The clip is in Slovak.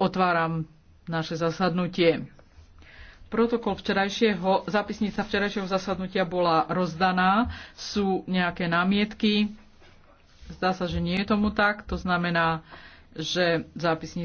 Otváram naše zasadnutie. Protokol včerajšieho, zápisnica včerajšieho zasadnutia bola rozdaná. Sú nejaké námietky? Zdá sa, že nie je tomu tak. To znamená, že zápisnica